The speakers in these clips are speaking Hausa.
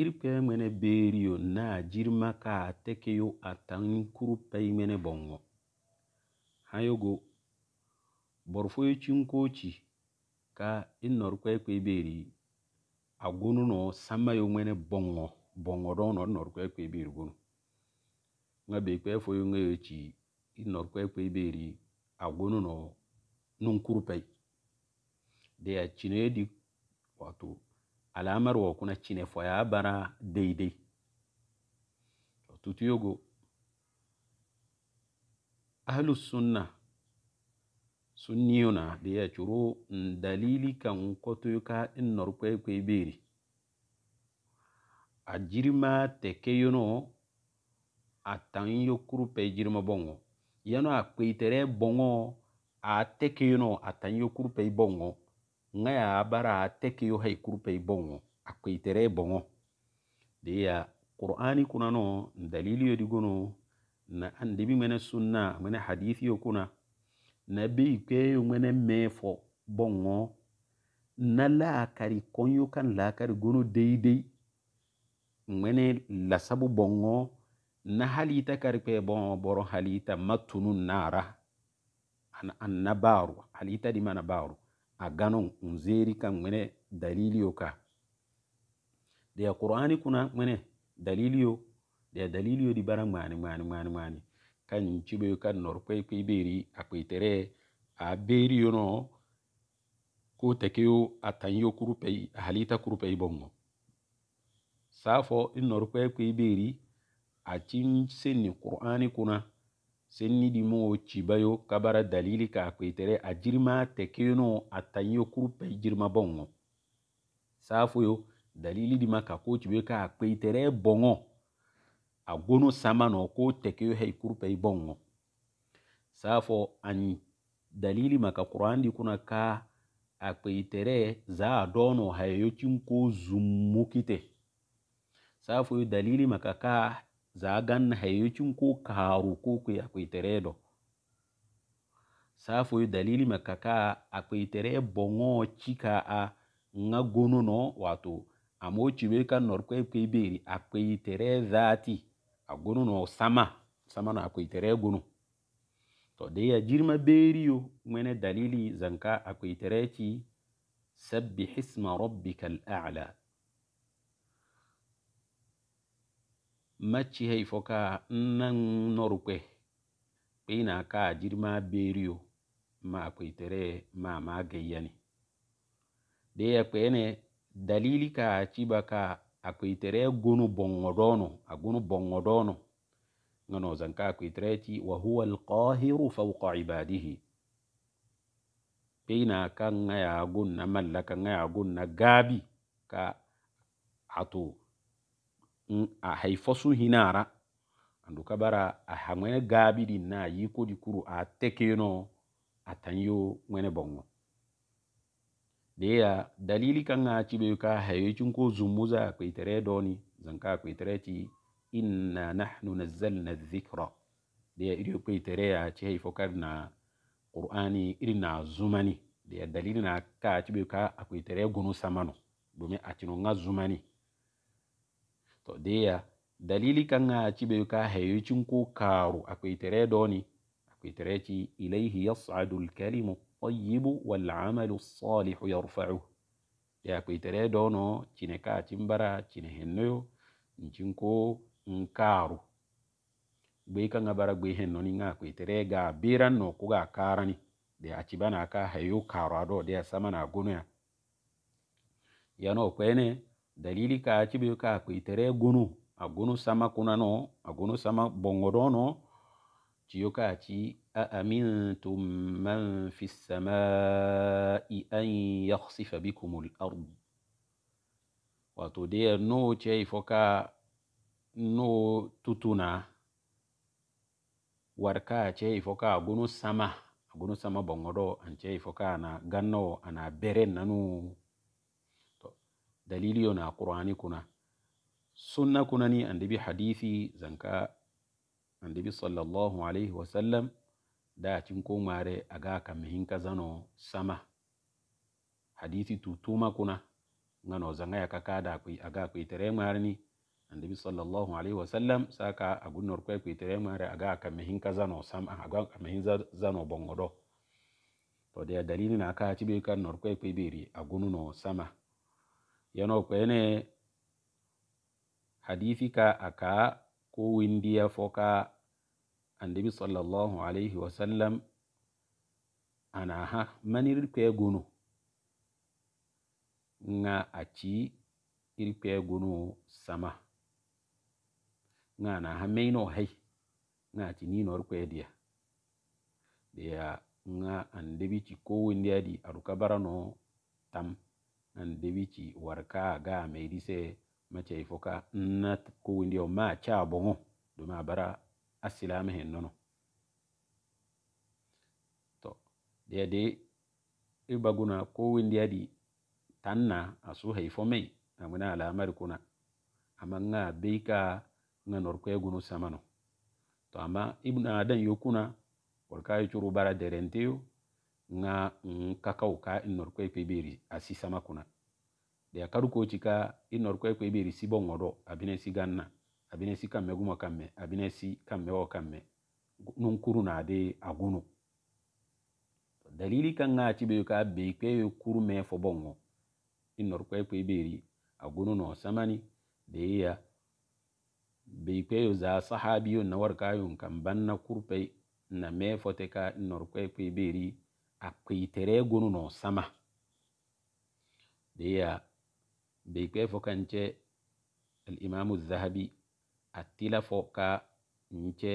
irikpe kpɛɛ ŋmɛnɛ beerio naajirima ka a tɛke yo a taŋ ninkuru pɛi ŋmɛnɛ bɔŋɔ. Ha yogo bɔrɔfoyo ka i nɔr kpɛkpɛi beeri a gunu nɔ sama yo ŋmɛnɛ bɔŋɔ bɔŋɔ dɔɔnɔ i nɔr kpɛkpɛi beeri gunu. Nga be kpɛɛfoyo nga yo ci i nɔr kpɛkpɛi beeri a gunu nɔ ninkuru De a cina yo alamar wa kuna chinefo ya bara deidei ọtụtụ ogo ahlusunna sunniyo na da ya churu dalili kan kwato ka in norkwe beri a jirma teke yono a tan yo kurupe jirma bongo yano a kwe tere bongo a teke yono a tan yo bongo nga ya bara teke yo hai kurupe ibongo bongo de ya qur'ani kuna no dalili yo digono na andibi mene sunna mene hadithi yo kuna na be yo mene mefo bongo na kari konyo kan kari gono deidei mene lasabu bongo na halita pe bongo boro halita matunun nara an, an nabaru halita di mana baru A aganon unzeri kan mene daliliyo ka deya qur'ani kuna mene daliliyo deya daliliyo di bara mani mani mani mani kan yin cibe kan nor kwe kwe beri akwe tere a beri yono ko tekeyo a tanyo kurupei a halita kurupei bongo safo in nor kwe kwe beri a cin senni qur'ani kuna di senniɗimo cibayo kabara dalili ka kwetere a jirma tekeyeno a tanyo kurpe jirima bongo safoyo dalili dima ka ko cibayo ka kwetere bongo a sama samano ko tekeyo hei kurpe bongo safo an dalili maka di kuna ka a kwetere za a dono hayo cinko zummukite safoyo dalili maka ka zagan hayocin ko karu ko ku akwai tere do safu safo dalili makaka akwai tere bongo chika a nga gono no wato amo chiwe ka norko e beri akwai tere zati a gono no sama sama na akwai tere gono to dai ya jirma beriyo mwene dalili zanka akwai tere ci sabbi hisma rabbikal a'la machi hei foka nnan norukwe kpe ka ka jirma berio ma kwetere ma ma gayyani de ya ne dalili ka chiba ka akwitere gunu bongodono agunu bongodono ngano zanka akwitere ti wa huwa alqahiru fawqa ibadihi pina kan ngaya gun na mallaka ngaya gun gabi ka atu a haifa su hinara andu bara a ha gabi di na yi di kuru a no a tanyo ŋwene bongo deya dalili kan ŋa cibe ka hayo cinko zummuza a kwitere doni zanka a kwitere ti inna nahnu nazzalna dhikra deya iri kwitere ya ci haifo kar na qur'ani iri na zumani deya dalili na ka cibe ka a kwitere gunu samano domin a cino zumani to deya dalili a cibe ka hayucin ko karu akwai tare doni akwai tare ci ilaihi yas'adu al-kalimu tayyibu wal 'amalu salihu yarfa'u ya akwai tare dono cine ka cimbara cine hennoyo cin ko nkaru gbe kanga bara gbe henno ni nga akwai tare ga biran no ku ga karani da a cibana ka hayu karu ado da sama na gunuya yano kwene dalili ka cibe ka ko itere gonu agonu sama kunano agonu sama bongodono ciyo ka ci a amintum man fi samai an yakhsifa bikum al-ard wato dai no ce ifoka no tutuna warka ce ifoka agonu sama agonu sama bongodo an ce ifoka ana ganno ana beren nanu dalili na qur'ani kuna sunna kunani andibi hadithi zanka andibi sallallahu alaihi wasallam da cin komare aga ka zano sama hadithi tutuma kuna ngano zangaya kakada kui aga kui ni, andibi sallallahu alaihi wasallam saka agunnor kwe a teremare aga ka zano sama aga kamihin zano bongodo to da dalili na ka be kan nor kwe a biri agununo sama yano ko ene hadisi ka aka ko windiya foka annabi sallallahu alayhi wasallam anaha manir kwegunu nga aci ir kwegunu sama nga anaha meino hai nga aci ninor kwediya deya nga annabi ci ko windiya di aduka barano tam an dewici warka ga meidise macai foka na kowindio ma ca bongo doma bara asilame hen nono to dede ibaguna kowindi adi tanna asu haifo mai amina alamari kuna amma nga beika nga norkwe guno samano to amma ibn adan yokuna warka yucuru bara derenteyo nga kakau ka inorkwe kwe beri asisama kuna de akaru ko ka inorkwe kwe beri sibo ngodo si ganna abinesi kamme gumo kamme abinesi kamme o kamme nunkuru na ade agunu dalili kan nga chibe ka be kwe kuru me bongo inorkwe kwe beri agunu no samani de ya be kwe za sahabiyo na warkayon kan banna kurpe na me ka inorkwe kwe beri akwiiteree sama n'osama deya kai fo kance alimamu zahabi attila fo ka nce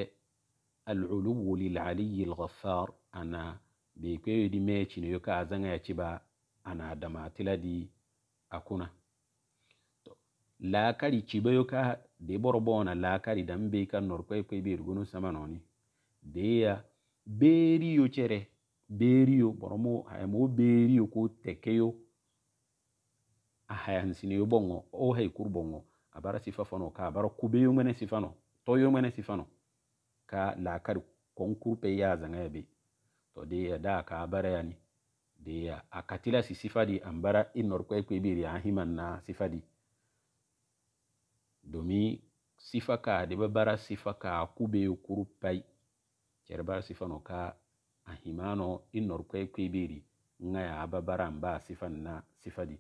aluluwu lilaliyi ghaffar ana beikeyo di meecinoyo ka azaŋaya ciba ana damatila di akuna laakari cibayo ka de boro bona kan dan kai ka bir gunu sama noni beri yo cere beeriyo boromo hayamo beeriyo ko tekeyo ahayansiniyo bongo o hay kur bongo abara sifa fano ka abara kubeyo mene sifano toyo mene sifano ka lakari konkur pe ya zanga ya be to de ya da ka abara yani de ya akatila si sifadi ambara inor kwe kwe biri ahiman na sifadi domin sifa ka de bara sifa ka kubeyo kuru pai cer bara sifa no ka ahimano inor kwe kwibiri ngaya ababara mba sifan na sifadi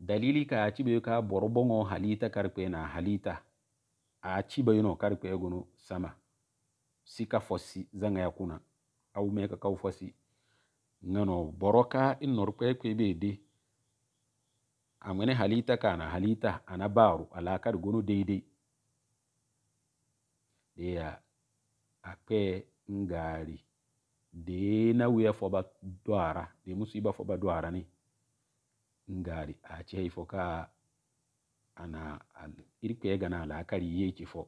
dalili ka acibe ka borobongo halita karkwe na halita acibe no karkwe gono sama sika fosi zanga ya kuna au meka kau fosi nano boroka inor kwe kwibiri amene halita kana halita ana baru alakar gono daidai da ya akwe ngari de na fo ba dwara de musiba ba dwara ni ngari a ce fo ka ana al ga na la kari ki fo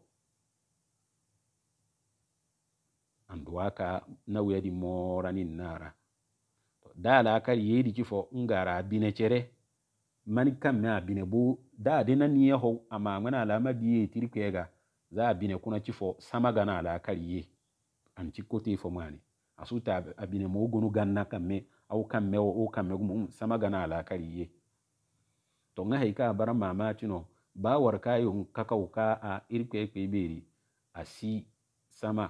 anduwa ka na wuya di mora ni nara da la kari di ki fo ngara bine chere mani kam me abine bu da de na niye ho ama ngana la ma biye tirke ga za abine kuna ki fo sama gana la kari ye an ci kote fo mani asuta abine mu gonu ganna me au me o o me gumu mm, sama gana ala ye to nga haika bara mama tino ba war kayo kakauka a irke a asi sama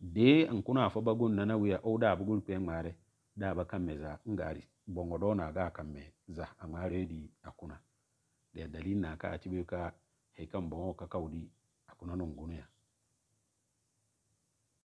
de an kuna fa bagun na nawiya o da bugun pe mare da ba kan me za ngari bongo dona ga kan me za amare di akuna da dalil na ka atibe ka haikan bongo kaudi akuna non gunya